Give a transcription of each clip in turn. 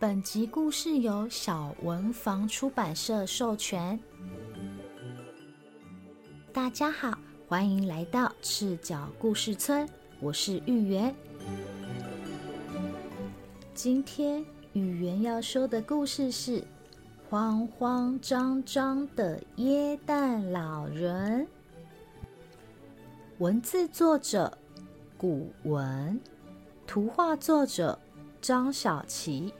本集故事由小文房出版社授權。大家好，歡迎來到赤腳故事村，我是芋圓。今天芋圓要說的故事是《慌慌張張的耶誕老人》。文字作者古文，圖畫作者張筱琦。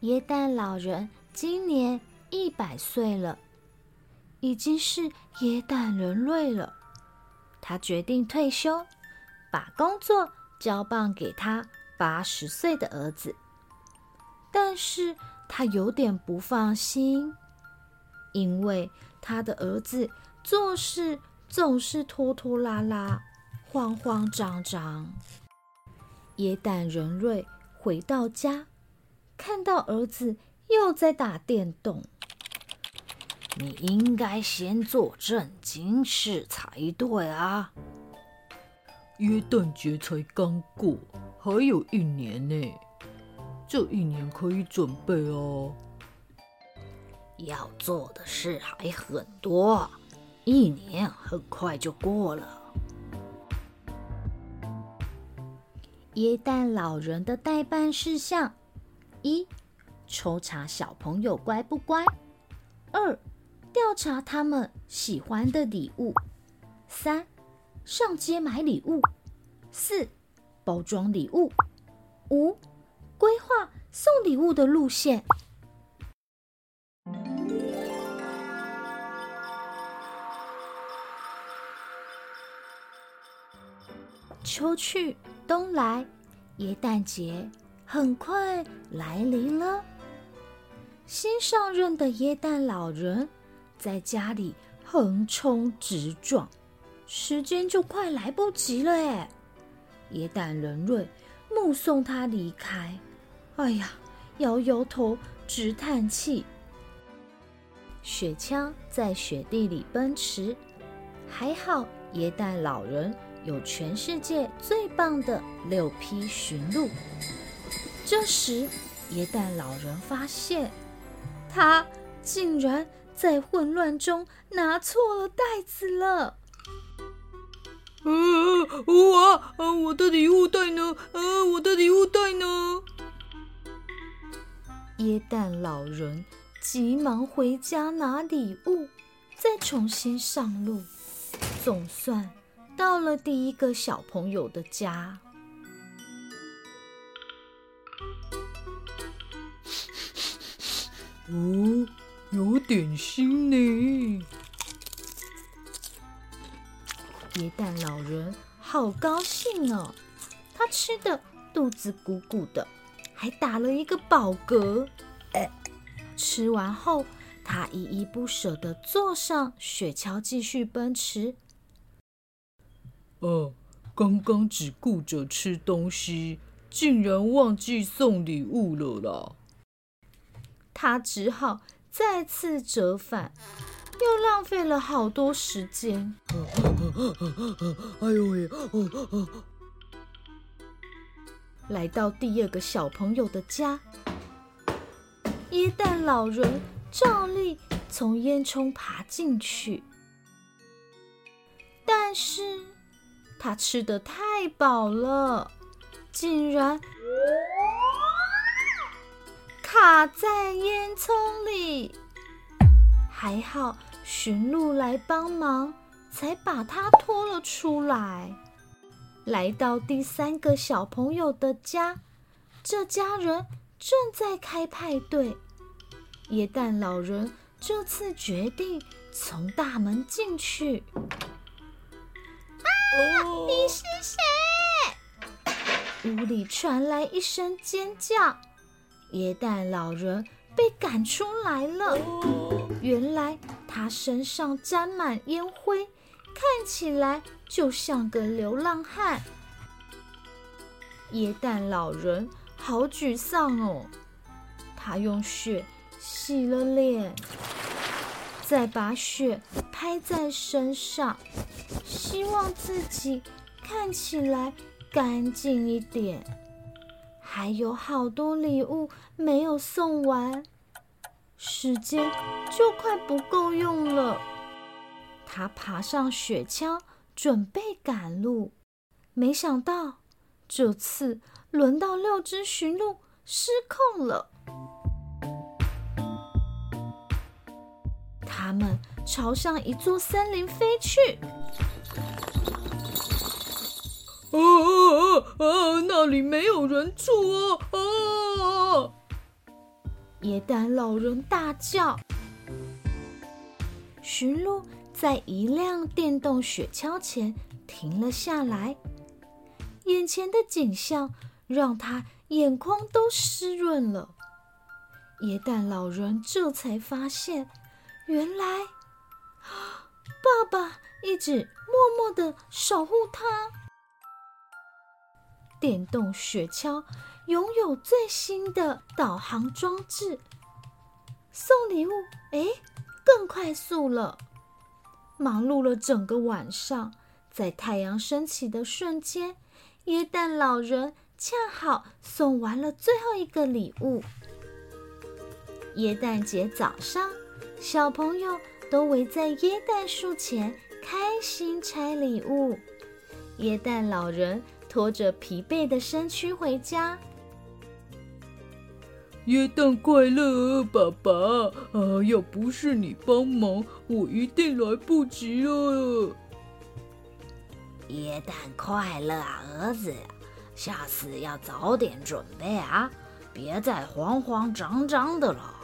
耶誕老人今年一百歲了，已經是耶誕人瑞了。他決定退休，把工作交棒給他八十歲的兒子。但是他有點不放心，因為他的兒子做事總是拖拖拉拉、慌慌張張。耶誕人瑞回到家。看到兒子又在打電動，你應該先做正經事才對啊！耶誕節才剛過，還有一年呢，這一年可以準備哦。要做的事還很多，一年很快就過了。耶誕老人的待辦事項。一、抽查小朋友乖不乖；二、調查他們喜歡的禮物；三、上街買禮物；四、包裝禮物；五、規劃送禮物的路線。秋去冬來，耶誕節很快來臨了。新上任的耶誕老人在家裡橫衝直撞，時間就快來不及了。哎，耶誕人瑞目送他離開，哎呀，搖搖頭，直嘆氣。雪橇在雪地裡奔馳，還好耶誕老人有全世界最棒的六匹馴鹿。這時，耶誕老人發現，他竟然在混亂中拿錯了袋子了。我、啊啊，我的禮物袋呢、啊？我的禮物袋呢？耶誕老人急忙回家拿禮物，再重新上路。總算到了第一個小朋友的家。哦，有點心呢。耶誕老人好高興哦，他吃的肚子鼓鼓的，還打了一個飽嗝，欸。吃完後，他依依不舍的坐上雪橇，繼續奔馳。哦，呃，剛剛只顧着吃東西，竟然忘記送禮物了啦！他只好再次折返，又浪費了好多時間。哎呦喂！來到第二個小朋友的家，耶誕老人照例從煙囪爬進去，但是他吃得太飽了，竟然，卡在煙囪裡，還好馴鹿來幫忙，才把他拖了出來。來到第三個小朋友的家，這家人正在開派對。耶誕老人這次決定從大門進去。啊！你是誰？屋裡傳來一聲尖叫。耶誕老人被趕出來了。原來他身上沾滿煙灰，看起來就像個流浪漢。耶誕老人好沮喪哦，他用雪洗了臉，再把雪拍在身上，希望自己看起來乾淨一點。還有好多禮物沒有送完，時間就快不夠用了。他爬上雪橇，準備趕路，沒想到這次輪到六隻馴鹿失控了。他們朝向一座森林飛去。哦哦哦哦！那裡沒有人住哦、啊！耶、啊、誕老人大叫。馴鹿在一輛電動雪橇前停了下來，眼前的景象讓他眼眶都濕潤了。耶誕老人這才發現，原來爸爸一直默默地守護他。電動雪橇擁有最新的導航裝置，送禮物哎，更快速了。忙碌了整個晚上，在太陽升起的瞬間，耶誕老人恰好送完了最後一個禮物。耶誕節早上，小朋友都圍在耶誕樹前，開心拆禮物。耶誕老人。拖着疲憊的身軀回家。耶誕快樂，爸爸！啊，要不是你幫忙，我一定來不及了。耶誕快樂，兒子！下次要早點準備啊，別再慌慌張張、張的了。